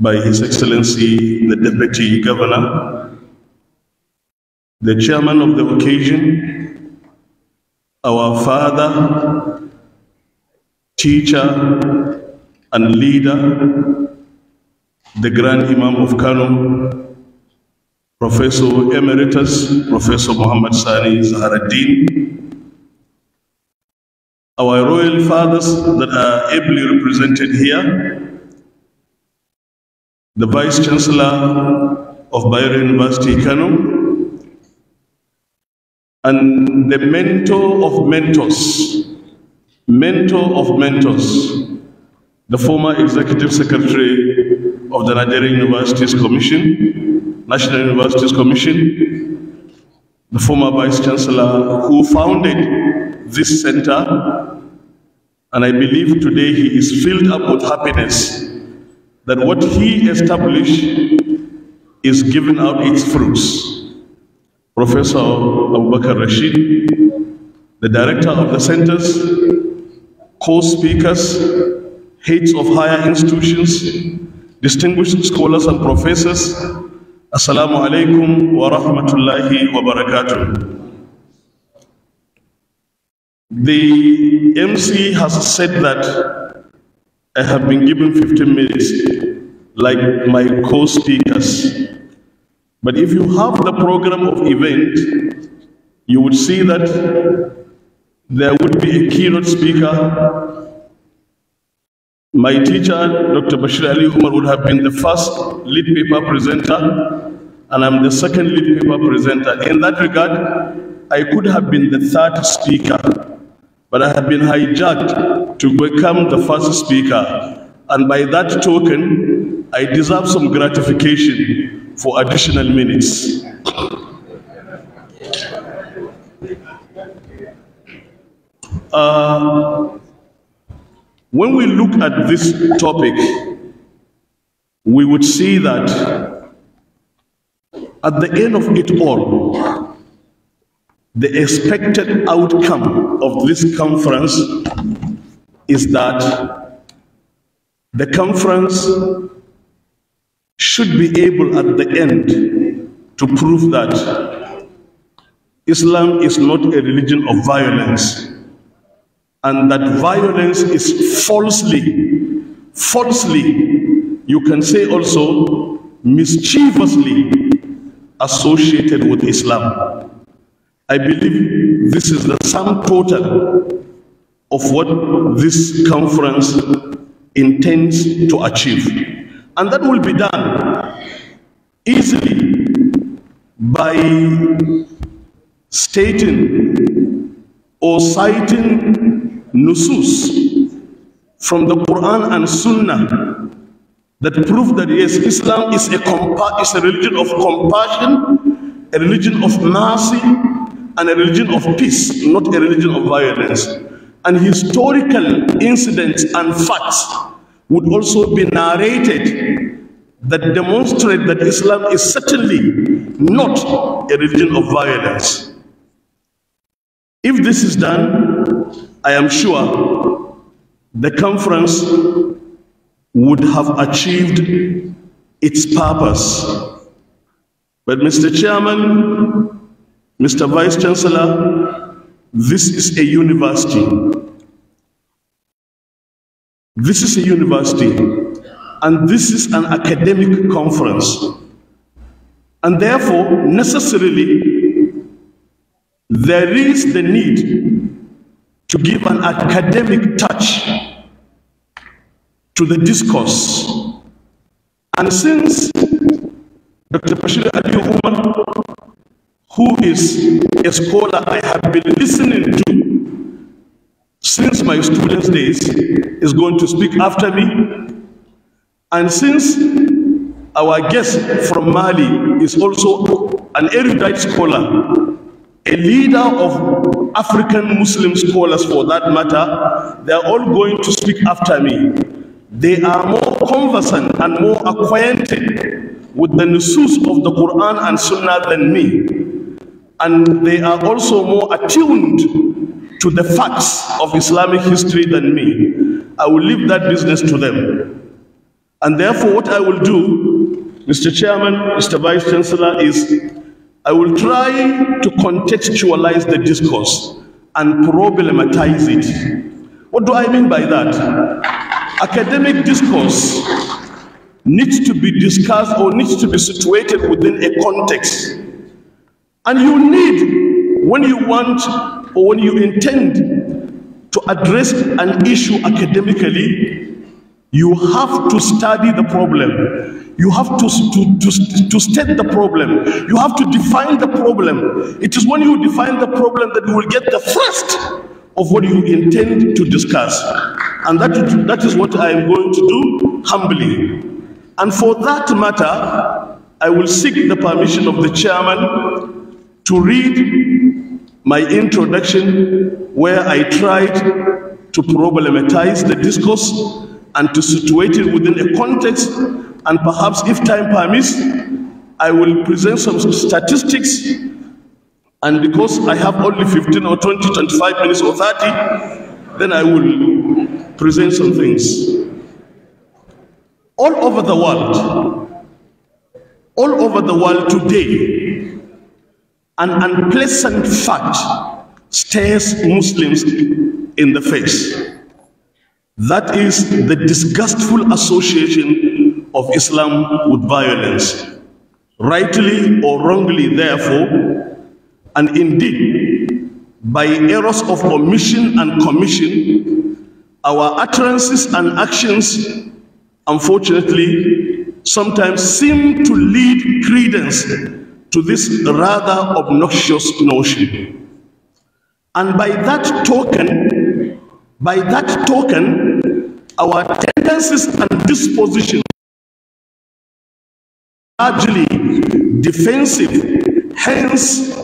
by His Excellency the Deputy Governor, the chairman of the occasion, our father, teacher, and leader, the Grand Imam of Kano, Professor Emeritus, Professor Muhammad Sani Zaharaddin, our royal fathers that are ably represented here, the Vice Chancellor of Bayer University, Kano, and the mentor of mentors, mentor of mentors, the former Executive Secretary of the Nigerian Universities Commission, National Universities Commission, the former Vice Chancellor who founded this center, and I believe today he is filled up with happiness that what he established is giving out its fruits. Professor Abu Bakr Rashid, the director of the centers, co-speakers, heads of higher institutions, distinguished scholars and professors, Assalamu alaikum wa rahmatullahi wa barakatuh. The MC has said that I have been given 15 minutes like my co-speakers. But if you have the program of event, you would see that there would be a keynote speaker. My teacher, Dr. Bashir Ali Umar, would have been the first lead paper presenter, and I'm the second lead paper presenter. In that regard, I could have been the third speaker. But I have been hijacked to become the first speaker. And by that token, I deserve some gratification for additional minutes. Uh, when we look at this topic, we would see that at the end of it all, the expected outcome of this conference is that the conference should be able at the end to prove that Islam is not a religion of violence and that violence is falsely, falsely, you can say also mischievously associated with Islam. I believe this is the sum total of what this conference intends to achieve. And that will be done easily by stating or citing nusus from the Quran and Sunnah that prove that yes, Islam is a, is a religion of compassion, a religion of mercy, and a religion of peace, not a religion of violence. And historical incidents and facts would also be narrated that demonstrate that Islam is certainly not a religion of violence. If this is done, I am sure the conference would have achieved its purpose. But Mr. Chairman, Mr. Vice Chancellor, this is a university. This is a university, and this is an academic conference. And therefore, necessarily, there is the need to give an academic touch to the discourse. And since Dr. Bashir Ali Umar who is a scholar I have been listening to since my students' days, is going to speak after me. And since our guest from Mali is also an erudite scholar, a leader of African Muslim scholars for that matter, they are all going to speak after me. They are more conversant and more acquainted with the nusus of the Quran and Sunnah than me and they are also more attuned to the facts of Islamic history than me. I will leave that business to them. And therefore, what I will do, Mr. Chairman, Mr. Vice Chancellor, is I will try to contextualize the discourse and problematize it. What do I mean by that? Academic discourse needs to be discussed or needs to be situated within a context and you need, when you want or when you intend to address an issue academically, you have to study the problem. You have to, to, to, to state the problem. You have to define the problem. It is when you define the problem that you will get the first of what you intend to discuss. And that, that is what I am going to do humbly. And for that matter, I will seek the permission of the chairman to read my introduction where I tried to problematize the discourse and to situate it within a context and perhaps if time permits, I will present some statistics and because I have only 15 or 20, 25 minutes or 30, then I will present some things. All over the world, all over the world today, an unpleasant fact stares Muslims in the face. That is the disgustful association of Islam with violence. Rightly or wrongly, therefore, and indeed, by errors of omission and commission, our utterances and actions, unfortunately, sometimes seem to lead credence to this rather obnoxious notion. And by that token, by that token, our tendencies and disposition largely defensive. Hence,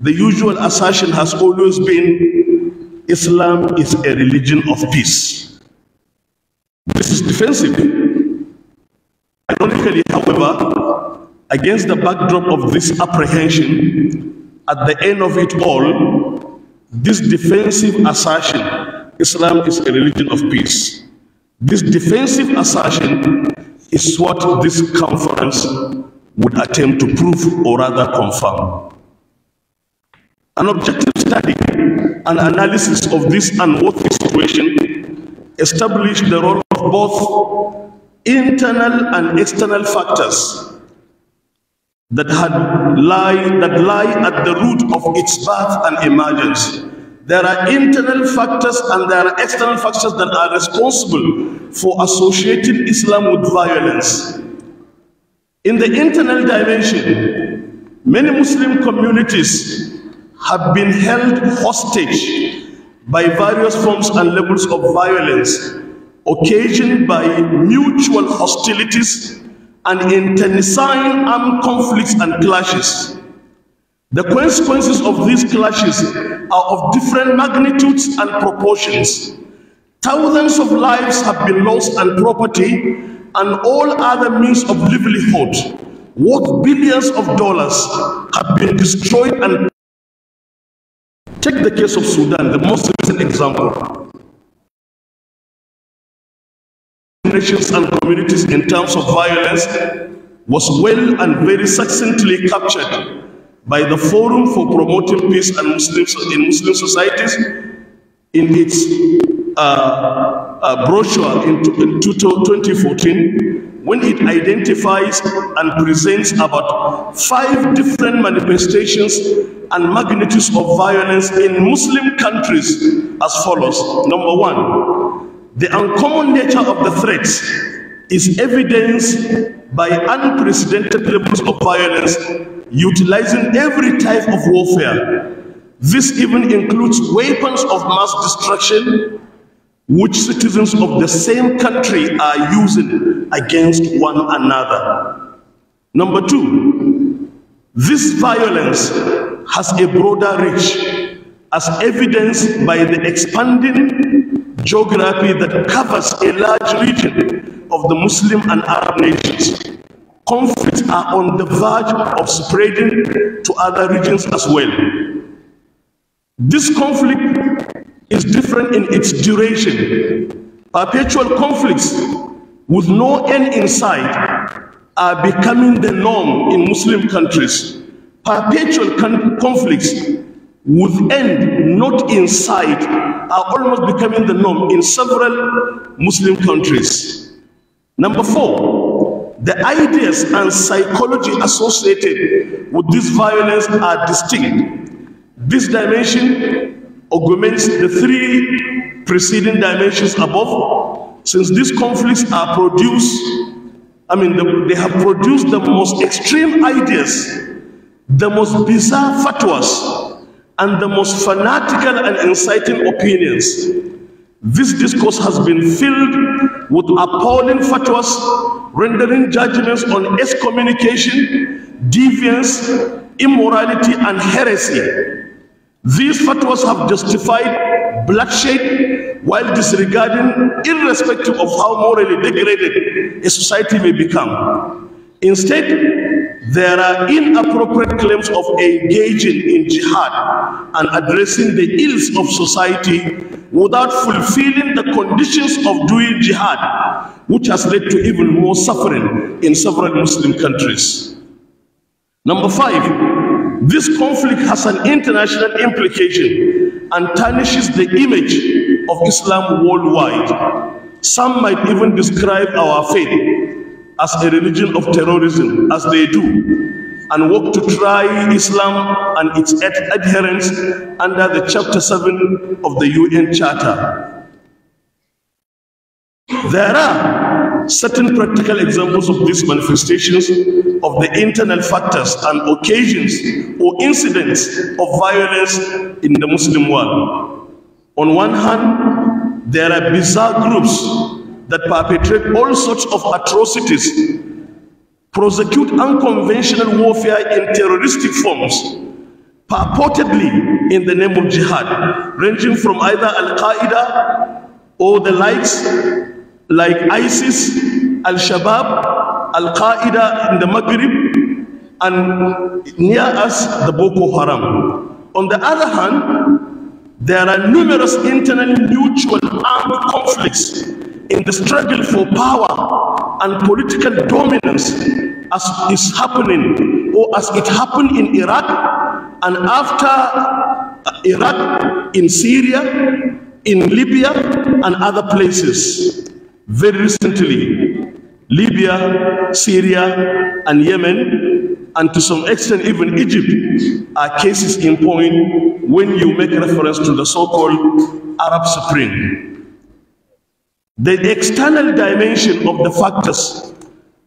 the usual assertion has always been Islam is a religion of peace. This is defensive. Ironically, however, Against the backdrop of this apprehension, at the end of it all, this defensive assertion, Islam is a religion of peace. This defensive assertion is what this conference would attempt to prove or rather confirm. An objective study and analysis of this unworthy situation established the role of both internal and external factors that had lie that lie at the root of its birth and emergence. There are internal factors and there are external factors that are responsible for associating Islam with violence. In the internal dimension, many Muslim communities have been held hostage by various forms and levels of violence occasioned by mutual hostilities and intensifying armed conflicts and clashes. The consequences of these clashes are of different magnitudes and proportions. Thousands of lives have been lost and property and all other means of livelihood worth billions of dollars have been destroyed and take the case of Sudan, the most recent example. nations and communities in terms of violence was well and very succinctly captured by the Forum for Promoting Peace and Muslims in Muslim Societies in its uh, uh, brochure in, in 2014 when it identifies and presents about five different manifestations and magnitudes of violence in Muslim countries as follows. Number one, the uncommon nature of the threat is evidenced by unprecedented levels of violence utilizing every type of warfare. This even includes weapons of mass destruction which citizens of the same country are using against one another. Number two, this violence has a broader reach as evidenced by the expanding geography that covers a large region of the Muslim and Arab nations. Conflicts are on the verge of spreading to other regions as well. This conflict is different in its duration. Perpetual conflicts with no end in sight are becoming the norm in Muslim countries. Perpetual conflicts end not in sight, are almost becoming the norm in several Muslim countries. Number four, the ideas and psychology associated with this violence are distinct. This dimension augments the three preceding dimensions above, since these conflicts are produced, I mean, the, they have produced the most extreme ideas, the most bizarre fatwas, and the most fanatical and inciting opinions. This discourse has been filled with appalling fatwas, rendering judgments on excommunication, deviance, immorality, and heresy. These fatwas have justified bloodshed while disregarding, irrespective of how morally degraded a society may become. Instead, There are inappropriate claims of engaging in jihad and addressing the ills of society without fulfilling the conditions of doing jihad, which has led to even more suffering in several Muslim countries. Number five, this conflict has an international implication and tarnishes the image of Islam worldwide. Some might even describe our faith as a religion of terrorism, as they do, and work to try Islam and its ad adherents under the Chapter 7 of the UN Charter. There are certain practical examples of these manifestations of the internal factors and occasions or incidents of violence in the Muslim world. On one hand, there are bizarre groups that perpetrate all sorts of atrocities, prosecute unconventional warfare in terroristic forms, purportedly in the name of jihad, ranging from either Al-Qaeda or the likes like ISIS, Al-Shabaab, Al-Qaeda in the Maghrib, and near us, the Boko Haram. On the other hand, there are numerous internal mutual armed conflicts in the struggle for power and political dominance as is happening or as it happened in Iraq and after uh, Iraq in Syria, in Libya and other places. Very recently, Libya, Syria and Yemen and to some extent even Egypt are cases in point when you make reference to the so-called Arab Spring. The external dimension of the factors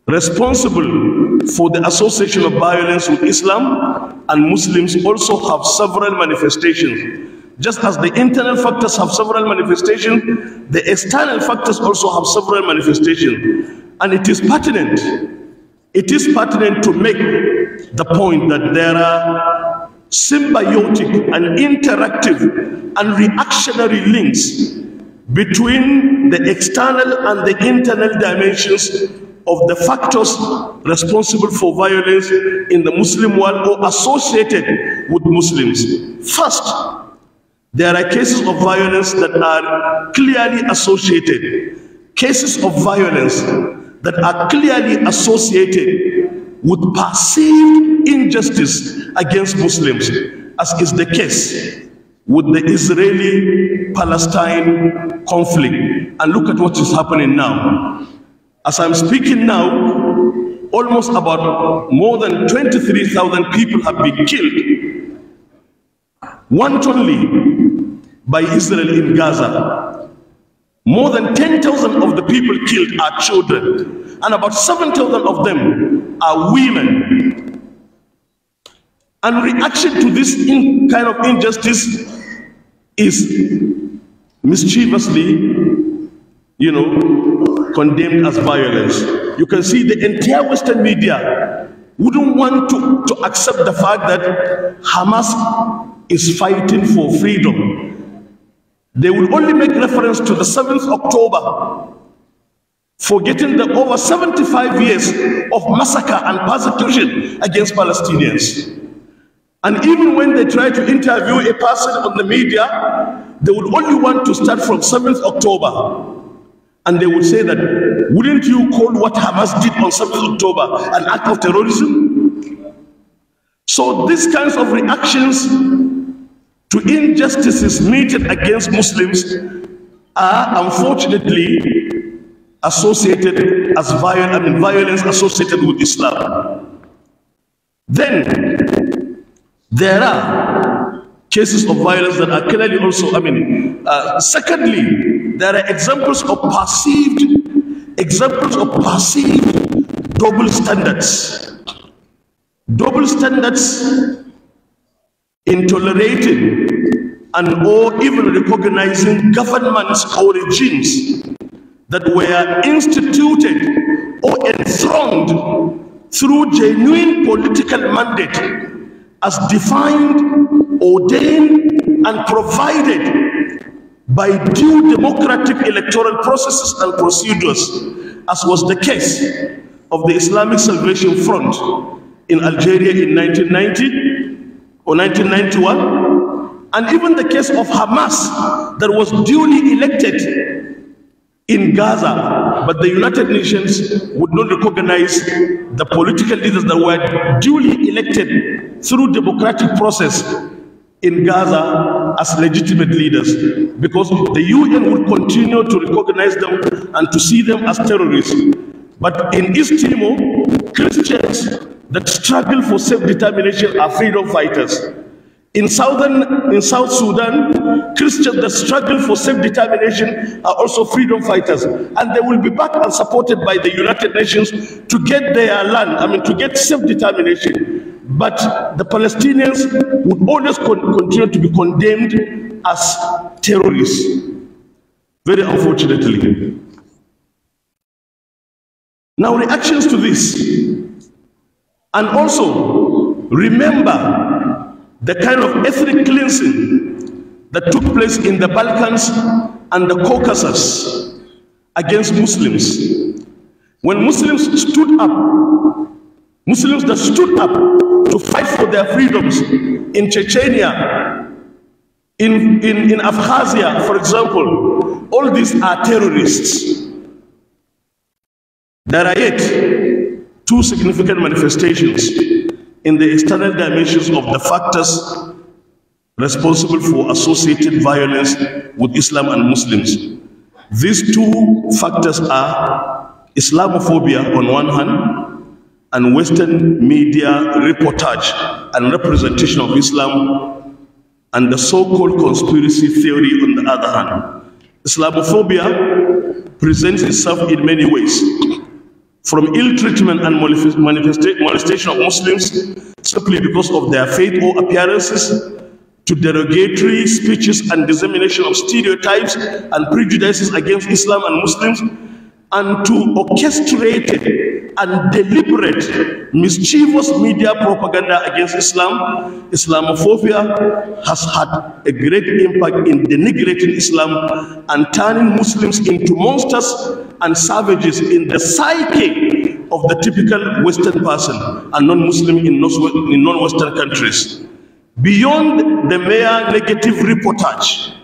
responsible for the association of violence with Islam and Muslims also have several manifestations. Just as the internal factors have several manifestations, the external factors also have several manifestations. And it is pertinent, it is pertinent to make the point that there are symbiotic and interactive and reactionary links between the external and the internal dimensions of the factors responsible for violence in the Muslim world or associated with Muslims. First, there are cases of violence that are clearly associated, cases of violence that are clearly associated with perceived injustice against Muslims, as is the case with the Israeli Palestine conflict. And look at what is happening now. As I'm speaking now, almost about more than 23,000 people have been killed, wantonly by Israel in Gaza. More than 10,000 of the people killed are children, and about 7,000 of them are women. And reaction to this kind of injustice is mischievously, you know, condemned as violence. You can see the entire Western media wouldn't want to, to accept the fact that Hamas is fighting for freedom. They will only make reference to the 7th October, forgetting the over 75 years of massacre and persecution against Palestinians. And even when they try to interview a person on the media, they would only want to start from 7th October. And they would say that, wouldn't you call what Hamas did on 7th October an act of terrorism? So these kinds of reactions to injustices meted against Muslims are unfortunately associated as violent, I mean, violence associated with Islam. Then there are cases of violence that are clearly also, I mean, uh, secondly, there are examples of perceived, examples of perceived double standards. Double standards in tolerating and or even recognizing governments or regimes that were instituted or enthroned through genuine political mandate as defined ordained and provided by due democratic electoral processes and procedures, as was the case of the Islamic Salvation Front in Algeria in 1990 or 1991, and even the case of Hamas that was duly elected in Gaza, but the United Nations would not recognize the political leaders that were duly elected through democratic process in Gaza as legitimate leaders because the UN will continue to recognize them and to see them as terrorists. But in East Timor, Christians that struggle for self-determination are freedom fighters. In southern, in South Sudan, Christians that struggle for self-determination are also freedom fighters, and they will be backed and supported by the United Nations to get their land. I mean, to get self-determination. But the Palestinians would always con continue to be condemned as terrorists, very unfortunately. Now, reactions to this, and also remember the kind of ethnic cleansing that took place in the Balkans and the Caucasus against Muslims. When Muslims stood up Muslims that stood up to fight for their freedoms in Chechnya, in, in, in Abkhazia, for example, all these are terrorists. There are yet two significant manifestations in the external dimensions of the factors responsible for associated violence with Islam and Muslims. These two factors are Islamophobia on one hand and Western media reportage and representation of Islam and the so-called conspiracy theory on the other hand. Islamophobia presents itself in many ways, from ill-treatment and molestation of Muslims simply because of their faith or appearances, to derogatory speeches and dissemination of stereotypes and prejudices against Islam and Muslims, and to orchestrated and deliberate mischievous media propaganda against Islam, Islamophobia has had a great impact in denigrating Islam and turning Muslims into monsters and savages in the psyche of the typical Western person and non-Muslim in non-Western countries. Beyond the mere negative reportage,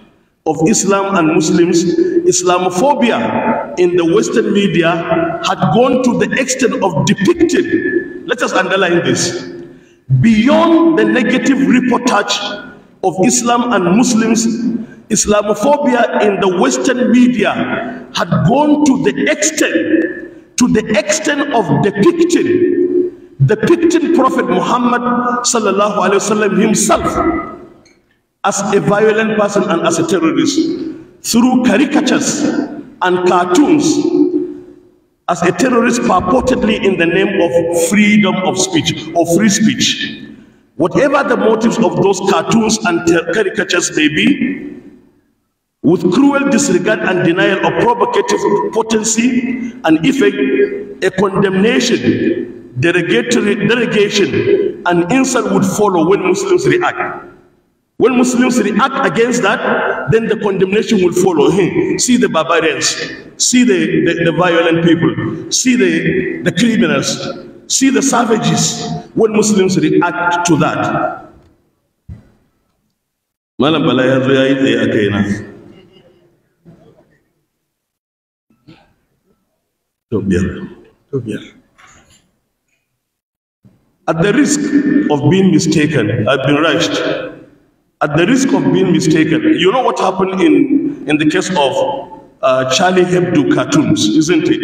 of Islam and Muslims, Islamophobia in the Western media had gone to the extent of depicting, let us underline this, beyond the negative reportage of Islam and Muslims, Islamophobia in the Western media had gone to the extent, to the extent of depicting, depicting Prophet Muhammad sallallahu alaihi wasallam himself as a violent person and as a terrorist through caricatures and cartoons as a terrorist purportedly in the name of freedom of speech or free speech. Whatever the motives of those cartoons and caricatures may be, with cruel disregard and denial of provocative potency and effect, a condemnation, derogatory derogation, and insult would follow when Muslims react. When Muslims react against that, then the condemnation will follow him. See the barbarians, see the, the, the violent people, see the, the criminals, see the savages. When Muslims react to that, Malam At the risk of being mistaken, I've been rushed. at the risk of being mistaken, you know what happened in, in the case of uh, Charlie Hebdo cartoons, isn't it?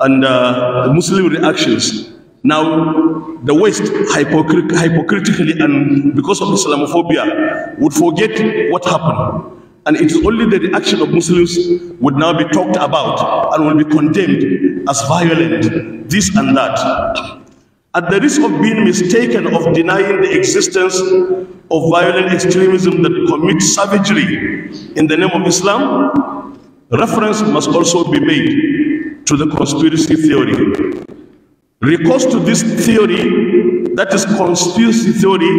And uh, the Muslim reactions. Now, the West hypocrit hypocritically and because of Islamophobia would forget what happened. And it only the reaction of Muslims would now be talked about and will be condemned as violent, this and that. At the risk of being mistaken of denying the existence of violent extremism that commits savagery in the name of Islam, reference must also be made to the conspiracy theory. Recourse to this theory, that is conspiracy theory,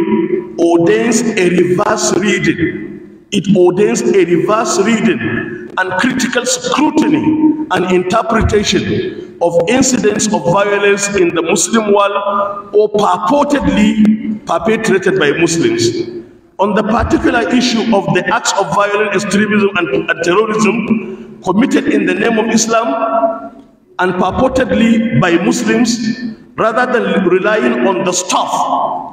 ordains a reverse reading. It ordains a reverse reading and critical scrutiny an interpretation of incidents of violence in the Muslim world or purportedly perpetrated by Muslims. On the particular issue of the acts of violent extremism and, and terrorism committed in the name of Islam and purportedly by Muslims, rather than relying on the stuff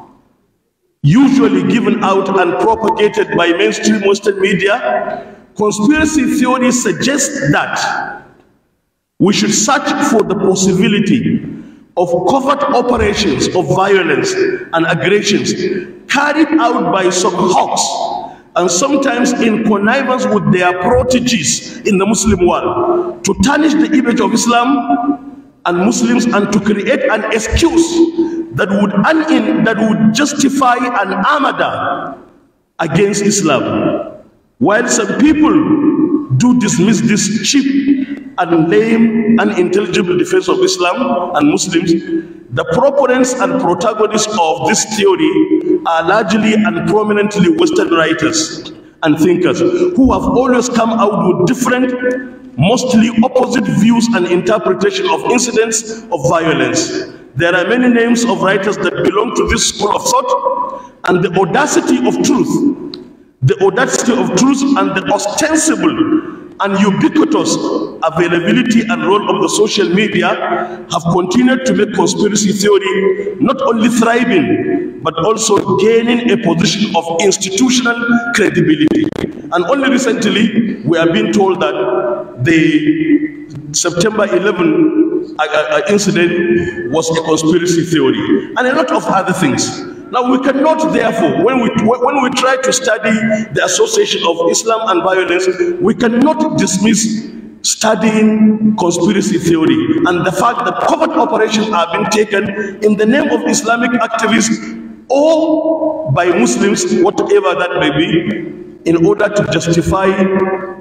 usually given out and propagated by mainstream Western media, conspiracy theories suggest that we should search for the possibility of covert operations of violence and aggressions carried out by some hawks and sometimes in connivance with their proteges in the Muslim world to tarnish the image of Islam and Muslims and to create an excuse that would, that would justify an armada against Islam. While some people do dismiss this cheap and lame and intelligible defense of Islam and Muslims, the proponents and protagonists of this theory are largely and prominently Western writers and thinkers who have always come out with different, mostly opposite views and interpretation of incidents of violence. There are many names of writers that belong to this school of thought and the audacity of truth, the audacity of truth and the ostensible and ubiquitous availability and role of the social media have continued to make conspiracy theory not only thriving but also gaining a position of institutional credibility. And only recently we have been told that the September 11 uh, uh, uh, incident was a conspiracy theory and a lot of other things. Now we cannot therefore, when we, when we try to study the association of Islam and violence, we cannot dismiss studying conspiracy theory and the fact that covert operations are being taken in the name of Islamic activists or by Muslims, whatever that may be, in order to justify,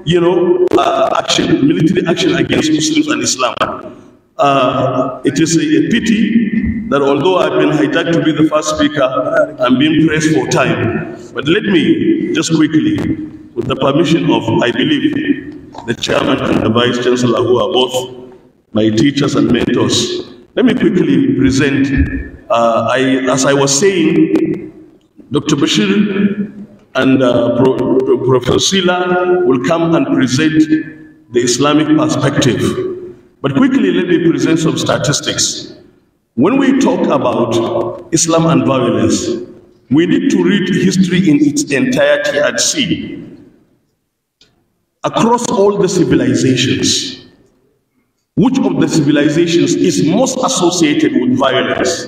you know, uh, action, military action against Muslims and Islam. Uh, it is a, a pity that although I've been hijacked to be the first speaker, I'm being pressed for time. But let me just quickly, with the permission of, I believe, the chairman and the vice chancellor, who are both my teachers and mentors, let me quickly present. Uh, I, as I was saying, Dr. Bashir and uh, Pro Professor Sila will come and present the Islamic perspective. But quickly, let me present some statistics. When we talk about Islam and violence, we need to read history in its entirety and see across all the civilizations which of the civilizations is most associated with violence.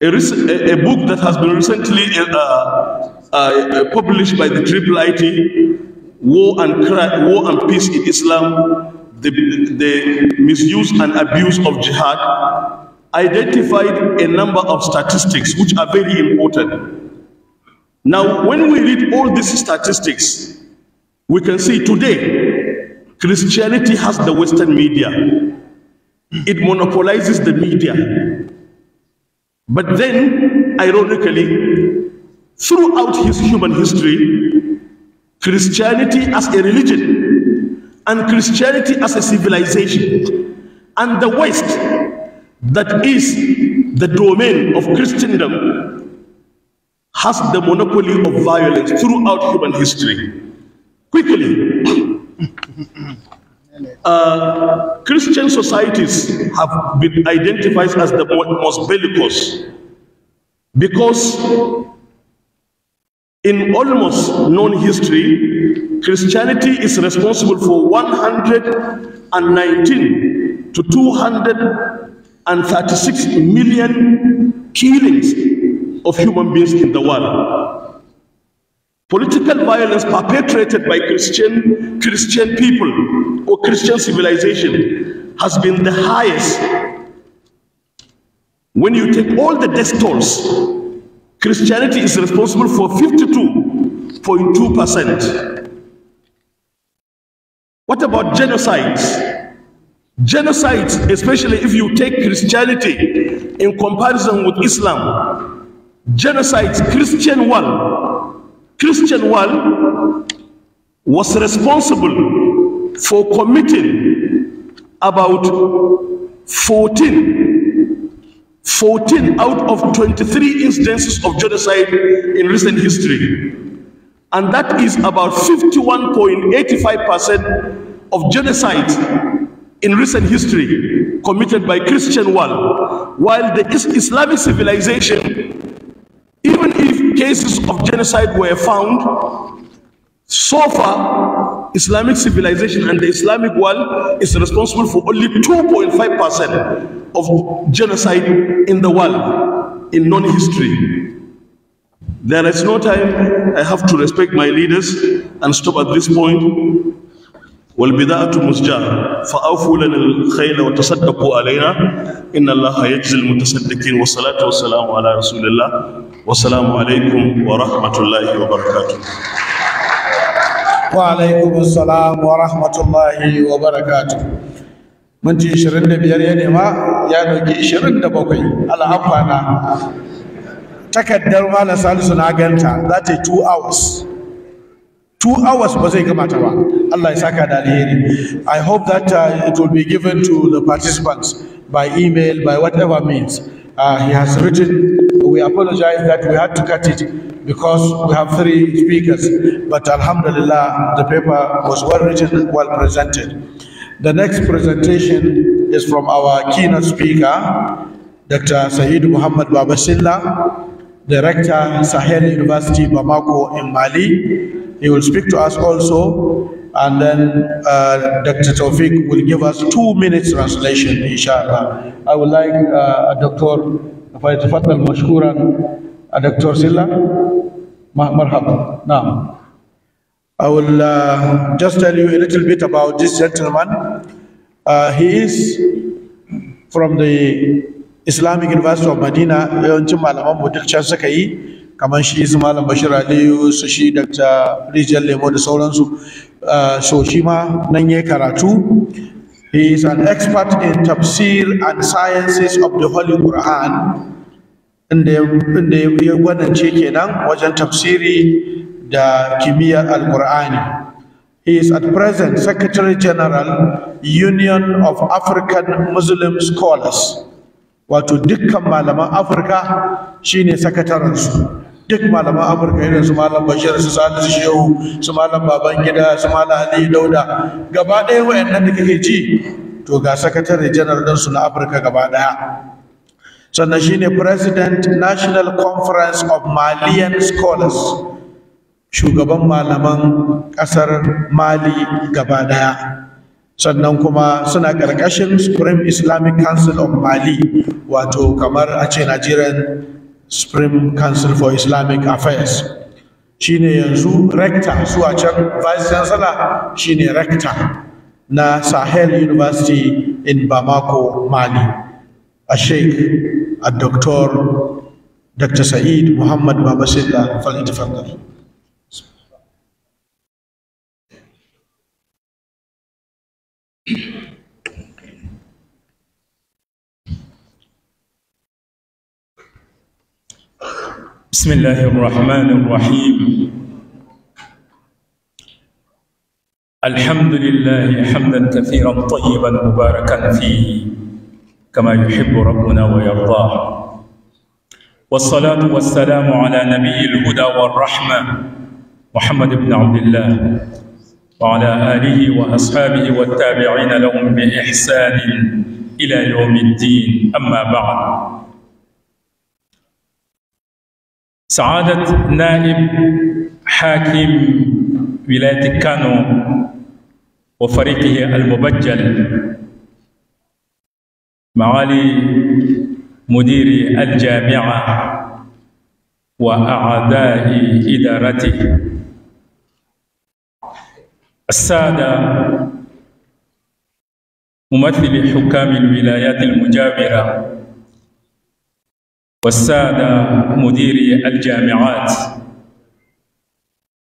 A, a, a book that has been recently uh, uh, uh published by the Triple IT, War and, War and Peace in Islam, the, the misuse and abuse of jihad, identified a number of statistics which are very important. Now, when we read all these statistics, we can see today, Christianity has the Western media. It monopolizes the media. But then, ironically, throughout his human history, Christianity as a religion and Christianity as a civilization and the West that is the domain of Christendom has the monopoly of violence throughout human history. Quickly, uh, Christian societies have been identified as the most bellicose because in almost known history, Christianity is responsible for 119 to 236 million killings of human beings in the world. Political violence perpetrated by Christian, Christian people or Christian civilization has been the highest. When you take all the death tolls Christianity is responsible for 52.2%. What about genocides? Genocides, especially if you take Christianity in comparison with Islam, genocides, Christian one, Christian one was responsible for committing about 14 14 out of 23 instances of genocide in recent history. And that is about 51.85% of genocide in recent history committed by Christian world, while the Islamic civilization, even if cases of genocide were found, so far Islamic civilization and the Islamic world is responsible for only 2.5% of genocide in the world, in non-history. There is no time I have to respect my leaders and stop at this point. والبداءة مزجاة فأوفوا لنا الخيل وتصدقوا علينا إن الله يجزي المتصدقين والصلاة وعليكم السلام ورحمة الله وبركاته minti 25 ya nema ya ɗauki 27 al'amfana takardar malam salisu na ganta za ta 2 hours 2 hours ba zai kamata ba Allah ya saka da alheri i hope that uh, it will be given to the participants by email by whatever means uh, he has written we apologize that we had to cut it because we have three speakers. But Alhamdulillah, the paper was well written, well presented. The next presentation is from our keynote speaker, Dr. Sahid Muhammad Babasilla, Director, Sahel University, Bamako in Mali. He will speak to us also, and then uh, Dr. Tawfiq will give us two minutes translation, inshallah. I would like uh, Dr. Fatal Mashkuran Ah, Dr. Silla Marhab. Now, I will uh, just tell you a little bit about this gentleman. Uh, he is from the Islamic University of Medina, yawancin malaman mu duk suka yi, kamar shi su malam Bashir Aliyu, su shi Dr. Rijal Lemo da sauransu. Uh, so shi ma nan karatu. He is an expert in tafsir and sciences of the Holy Quran. inda ya gwanance kenan wajen tafsiri da kimiyyar alkur'ani He is at present Secretary General Union of African Muslim Scholars. Wato dukkan malaman Afirka shine sakataransu. Duk malaman Afirka irin su Malam Bashir, su Salisu Shehu, su Malam Babangida, su Malam Ali Dauda. Gaba ɗaya wayannan da kake ji, to ga sakatare General ɗinsu na Afirka gaba ɗaya. sannan shine president national conference of malian scholars shugaban malaman kasar mali gaba daya sannan kuma suna ƙarƙashin supreme islamic council of mali wato kamar a ce nigerian supreme council for islamic affairs shine yanzu rector zuwa can vice chancellor shine rector na Sahel University in Bamako, Mali, a sheikh الدكتور دكتور سعيد محمد بابا سلة فليتفضل بسم الله الرحمن الرحيم الحمد لله حمدا كثيرا طيبا مباركا فيه كما يحب ربنا ويرضاه والصلاة والسلام على نبي الهدى والرحمة محمد بن عبد الله وعلى آله وأصحابه والتابعين لهم بإحسان إلى يوم الدين أما بعد سعادة نائب حاكم ولاية كانو وفريقه المبجل معالي مدير الجامعة وأعداء إدارته السادة ممثل حكام الولايات المجاورة والسادة مديري الجامعات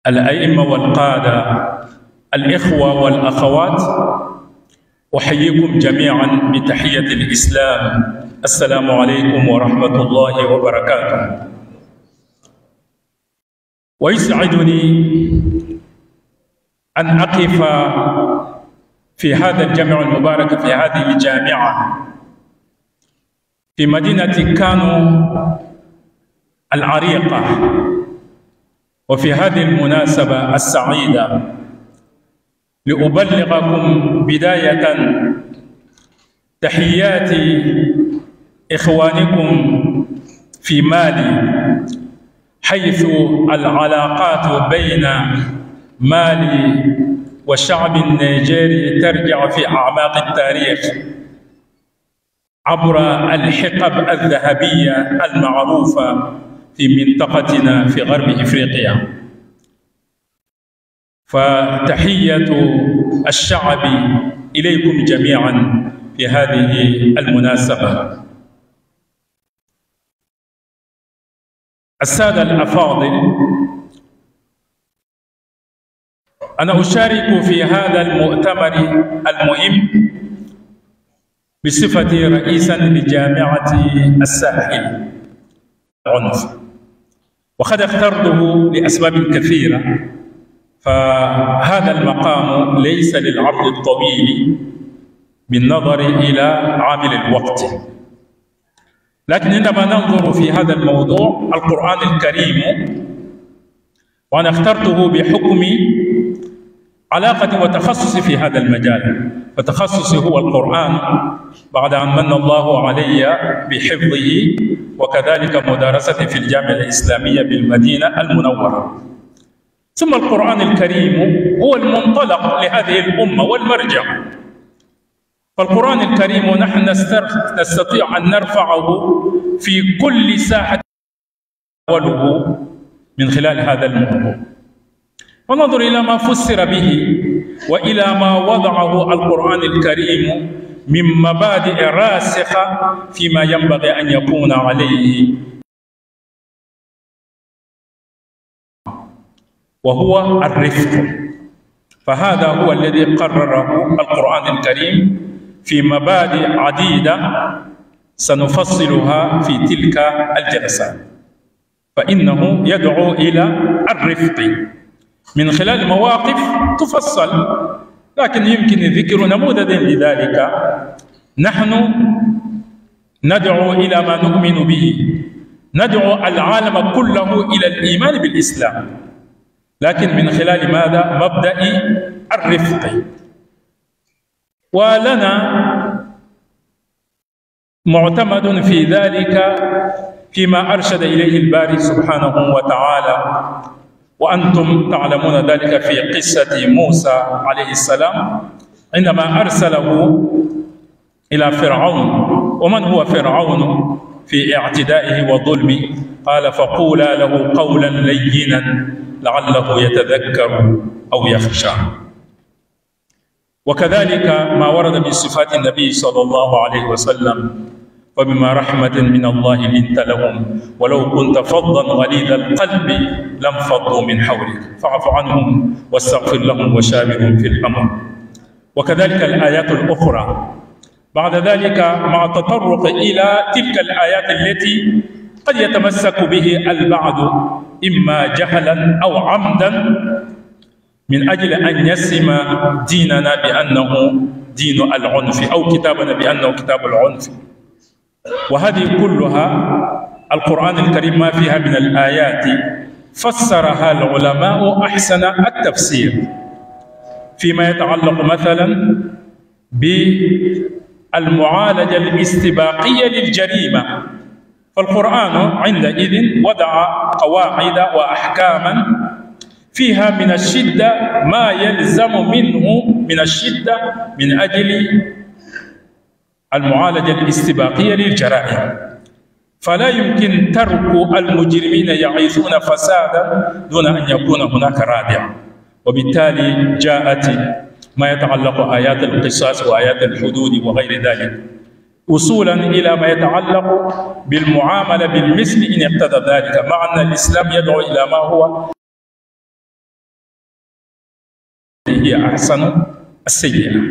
الأئمة والقادة الإخوة والأخوات أحييكم جميعا بتحية الإسلام السلام عليكم ورحمة الله وبركاته ويسعدني أن أقف في هذا الجامع المبارك في هذه الجامعة في مدينة كانو العريقة وفي هذه المناسبة السعيدة لأبلغكم بداية تحيات إخوانكم في مالي حيث العلاقات بين مالي والشعب النيجيري ترجع في أعماق التاريخ عبر الحقب الذهبية المعروفة في منطقتنا في غرب إفريقيا فتحية الشعب إليكم جميعا في هذه المناسبة السادة الأفاضل أنا أشارك في هذا المؤتمر المهم بصفتي رئيسا لجامعة الساحل عنف وقد اخترته لأسباب كثيرة فهذا المقام ليس للعبد الطبيعي بالنظر إلى عامل الوقت لكن عندما ننظر في هذا الموضوع القرآن الكريم وأنا اخترته بحكم علاقتي وتخصصي في هذا المجال وتخصصي هو القرآن بعد أن من الله علي بحفظه وكذلك مدارستي في الجامعة الإسلامية بالمدينة المنورة ثم القرآن الكريم هو المنطلق لهذه الأمة والمرجع فالقرآن الكريم نحن نستطيع أن نرفعه في كل ساحة أوله من خلال هذا الموضوع وننظر إلى ما فسر به وإلى ما وضعه القرآن الكريم من مبادئ راسخة فيما ينبغي أن يكون عليه وهو الرفق فهذا هو الذي قرره القرآن الكريم في مبادئ عديدة سنفصلها في تلك الجلسة فإنه يدعو إلى الرفق من خلال مواقف تفصل لكن يمكن ذكر نموذج لذلك نحن ندعو إلى ما نؤمن به ندعو العالم كله إلى الإيمان بالإسلام لكن من خلال ماذا مبدأ الرفق ولنا معتمد في ذلك فيما أرشد إليه الباري سبحانه وتعالى وأنتم تعلمون ذلك في قصة موسى عليه السلام عندما أرسله إلى فرعون ومن هو فرعون في اعتدائه وظلمه قال فقولا له قولا لينا لعله يتذكر أو يخشى وكذلك ما ورد من صفات النبي صلى الله عليه وسلم وبما رحمة من الله لنت لهم ولو كنت فظا غليظ القلب لم فضوا من حولك فاعف عنهم واستغفر لهم وشاورهم في الأمر وكذلك الآيات الأخرى بعد ذلك مع التطرق إلى تلك الآيات التي قد يتمسك به البعض إما جهلا أو عمدا من أجل أن يسم ديننا بأنه دين العنف أو كتابنا بأنه كتاب العنف وهذه كلها القرآن الكريم ما فيها من الآيات فسرها العلماء أحسن التفسير فيما يتعلق مثلا بالمعالجة الاستباقية للجريمة فالقرآن عندئذ وضع قواعد وأحكاما فيها من الشدة ما يلزم منه من الشدة من أجل المعالجة الاستباقية للجرائم فلا يمكن ترك المجرمين يعيثون فسادا دون أن يكون هناك رادع وبالتالي جاءت ما يتعلق آيات القصاص وآيات الحدود وغير ذلك وصولا إلى ما يتعلق بالمعاملة بالمثل إن اقتضى ذلك مع أن الإسلام يدعو إلى ما هو هي أحسن السيئة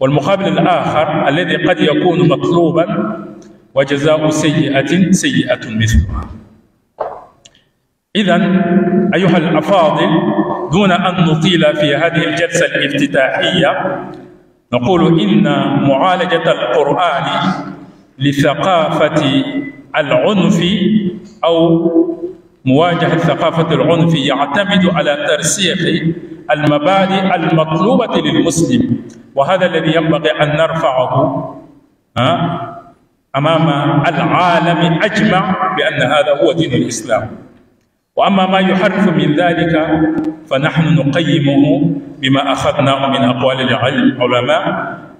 والمقابل الآخر الذي قد يكون مطلوبا وجزاء سيئة سيئة مثلها إذا أيها الأفاضل دون أن نطيل في هذه الجلسة الافتتاحية نقول إن معالجة القرآن لثقافة العنف أو مواجهة ثقافة العنف يعتمد على ترسيخ المبادئ المطلوبة للمسلم وهذا الذي ينبغي أن نرفعه أمام العالم أجمع بأن هذا هو دين الإسلام وأما ما يحرف من ذلك فنحن نقيمه بما أخذناه من أقوال العلماء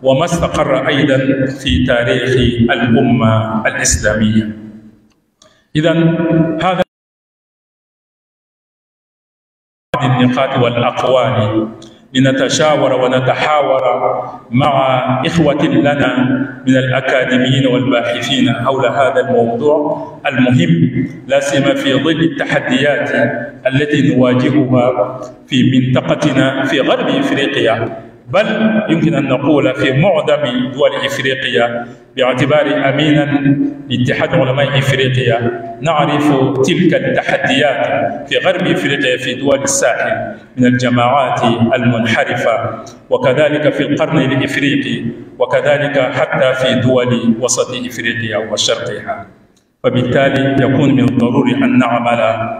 وما استقر أيضا في تاريخ الأمة الإسلامية إذا هذا النقاط والأقوال لنتشاور ونتحاور مع إخوة لنا من الأكاديميين والباحثين حول هذا الموضوع المهم لا سيما في ظل التحديات التي نواجهها في منطقتنا في غرب إفريقيا بل يمكن أن نقول في معظم دول إفريقيا باعتبار أمينا لاتحاد علماء إفريقيا نعرف تلك التحديات في غرب إفريقيا في دول الساحل من الجماعات المنحرفة وكذلك في القرن الإفريقي وكذلك حتى في دول وسط إفريقيا وشرقها فبالتالي يكون من الضروري أن نعمل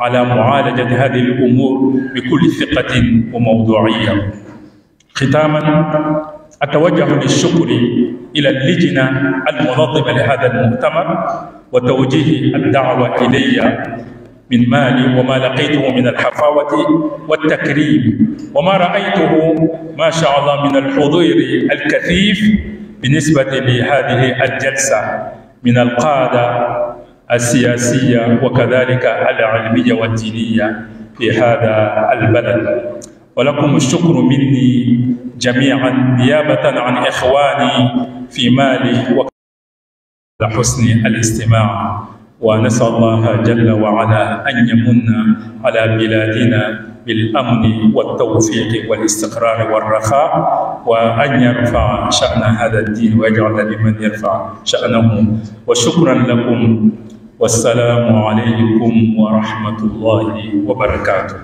على معالجة هذه الأمور بكل ثقة وموضوعية ختاما أتوجه بالشكر إلى اللجنة المنظمة لهذا المؤتمر وتوجيه الدعوة إلي من مالي وما لقيته من الحفاوة والتكريم وما رأيته ما شاء الله من الحضور الكثيف بالنسبة لهذه الجلسة من القادة السياسية وكذلك العلمية والدينية في هذا البلد ولكم الشكر مني جميعا نيابة عن إخواني في مالي وحسن الاستماع ونسأل الله جل وعلا أن يمن على بلادنا بالأمن والتوفيق والاستقرار والرخاء وأن يرفع شأن هذا الدين ويجعل لمن يرفع شأنه وشكرا لكم والسلام عليكم ورحمة الله وبركاته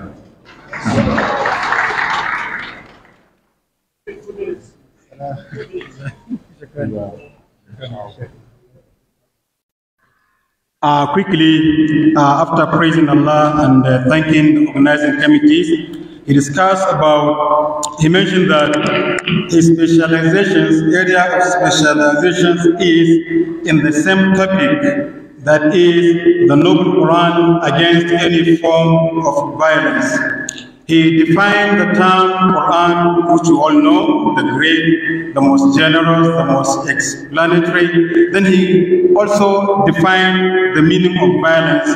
Uh, quickly, uh, after praising Allah and uh, thanking organizing committees, he discussed about, he mentioned that his specializations, area of specializations is in the same topic, that is the noble Quran against any form of violence. He defined the term Quran, which you all know, the great, the most generous, the most explanatory. Then he also defined the meaning of violence.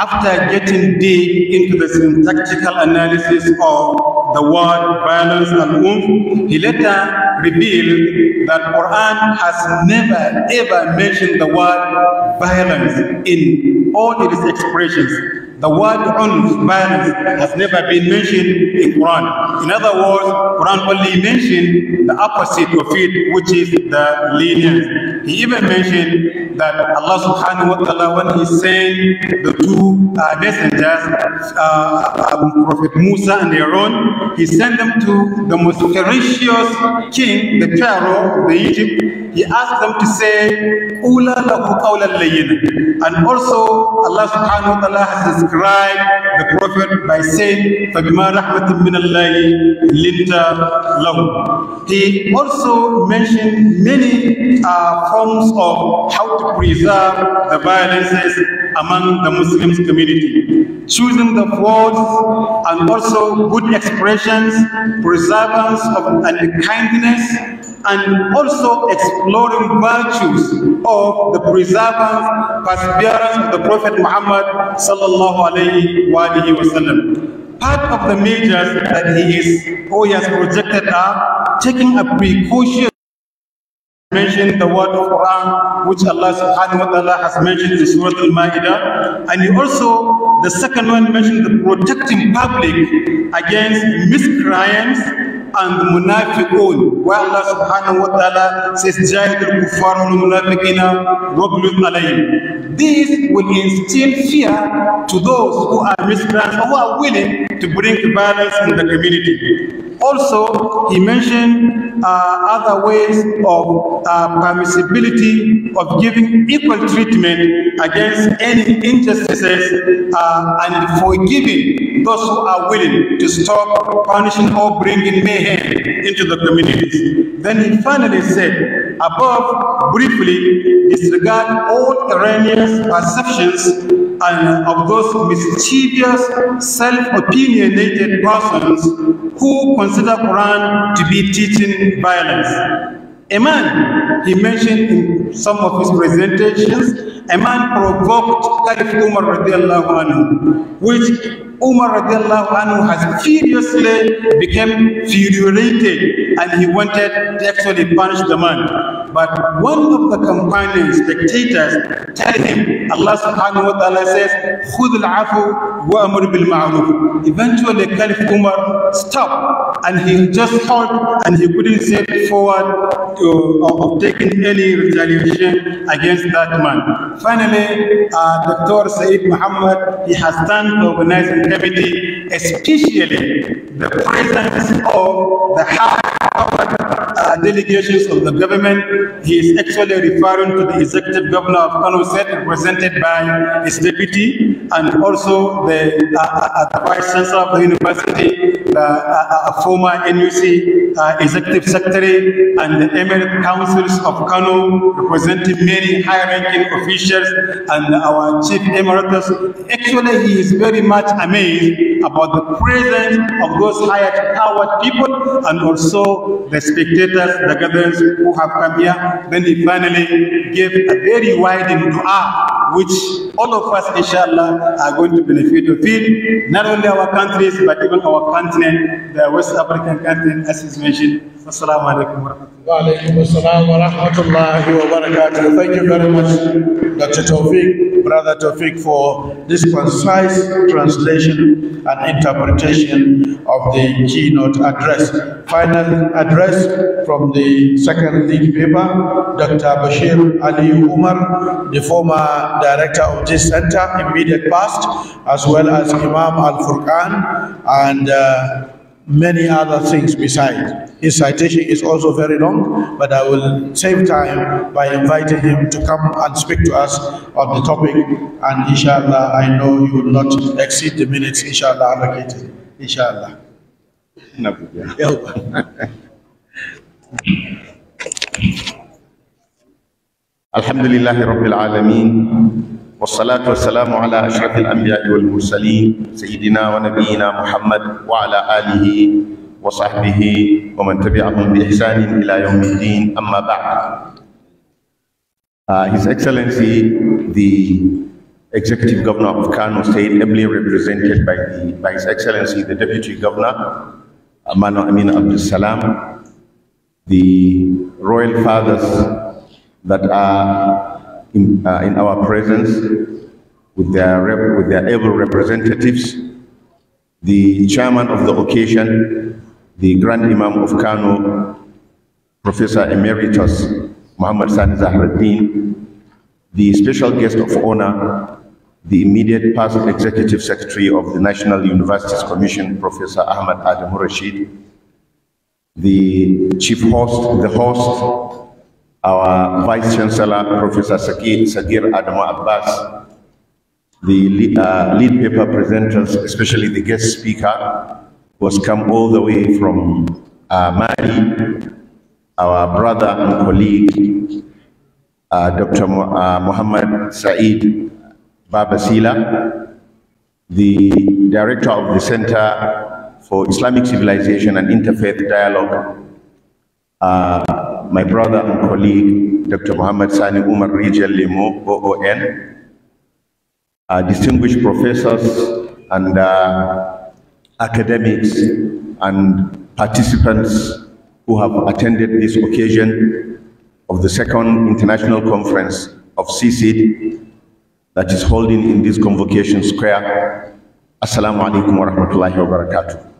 After getting deep into the syntactical analysis of the word violence and womb, he later revealed that Quran has never ever mentioned the word violence in all its expressions. The word unf, violence, has never been mentioned in Quran. In other words, Quran only mentioned the opposite of it, which is the lenience. He even mentioned that Allah subhanahu wa ta'ala, when he sent the two uh, messengers, uh, um, Prophet Musa and Aaron, he sent them to the most gracious king, the Pharaoh of the Egypt. He asked them to say, Ula And also, Allah subhanahu wa ta'ala has described the Prophet by saying, فَبِمَا رَحْمَةٍ مِّنَ اللَّهِ He also mentioned many uh, forms of how to preserve the violences among the Muslim community, choosing the words and also good expressions, preservance of and kindness, and also exploring virtues of the preservance, perseverance of the Prophet Muhammad sallallahu alaihi wasallam part of the measures that he is or he has projected are taking a precaution mentioned the word of Quran, which Allah subhanahu wa ta'ala has mentioned in Surah Al-Ma'idah. And he also, the second one mentioned the protecting public against miscrimes and munafiqun, where Allah subhanahu wa ta'ala says, جَاهِدُ الْكُفَّارُ وَالْمُنَافِقِينَ وَغْلُدْ عَلَيْهِمْ This will instill fear to those who are miscreants or who are willing to bring violence in the community. Also, he mentioned uh, other ways of uh, permissibility of giving equal treatment against any injustices uh, and forgiving those who are willing to stop punishing or bringing mayhem into the communities. Then he finally said, above briefly disregard all erroneous perceptions and of those mischievous, self-opinionated persons who consider Quran to be teaching violence. A man, he mentioned in some of his presentations, a man provoked Caliph Umar radiallahu anhu, which Umar radiallahu anhu has furiously become furiated and he wanted to actually punish the man. But one of the companions, spectators, tell him, Allah subhanahu wa ta'ala says, خُذْ الْعَفُ وَأَمُرْ بِالْمَعْرُوفِ Eventually, Caliph Umar stopped and he just halted, and he couldn't step forward to, of taking any retaliation against that man. Finally, uh, Dr. Said Muhammad, he has done the organizing committee, especially the presence of the uh, delegations of the government. He is actually referring to the executive governor of Kano State, represented by his deputy, and also the, uh, uh, uh vice chancellor of the university, a uh, former NUC executive secretary, and the emirate councils of Kano, representing many high-ranking officials, and our chief emeritus. Actually, he is very much amazed about the presence of those higher powered people and also the spectators leaders, the governments who have come here. Then he finally gave a very wide dua, which all of us, inshallah, are going to benefit of it. Not only our countries, but even our continent, the West African continent, as is mentioned. Assalamu alaikum barakatuh. Thank you very much, Dr. Tawfiq, Brother Tawfiq, for this concise translation and interpretation of the keynote address. Final address from the second league paper, Dr. Bashir Ali Umar, the former director of this center, immediate past, as well as Imam Al Furqan and uh, many other things besides. His citation is also very long, but I will save time by inviting him to come and speak to us on the topic. And inshallah, I know you will not exceed the minutes, inshallah, allocated. Inshallah. Alhamdulillah, الحمد لله والصلاة والسلام على أشرف الأنبياء والمرسلين سيدنا ونبينا محمد وعلى آله وصحبه ومن تبعهم بإحسان إلى يوم الدين أما بعد Uh, His Excellency, the Executive Governor of Kano State, ably represented by, the, by His Excellency, the Deputy Governor, Amano Amin Abdul Salam, the Royal Fathers that are in, uh, in our presence with their, rep, with their able representatives, the chairman of the occasion, the Grand Imam of Kano, Professor Emeritus Muhammad Sani Zahraddin, the special guest of honor, the immediate past executive secretary of the National Universities Commission, Professor Ahmad Adam Rashid, the chief host, the host, our Vice Chancellor, Professor Sakir, Sakir Adama Abbas, the lead, uh, lead paper presenters, especially the guest speaker, was come all the way from uh, Mali, our brother and colleague, uh, Dr. Mo uh, Muhammad Saeed Babasila, the director of the Center for Islamic Civilization and Interfaith Dialogue, uh, my brother and colleague, Dr. Muhammad Sani Umar Rijal Limo, OON, uh, distinguished professors and uh, academics and participants who have attended this occasion of the second international conference of CCID that is holding in this convocation square. Assalamu alaikum wa rahmatullahi wa barakatuh.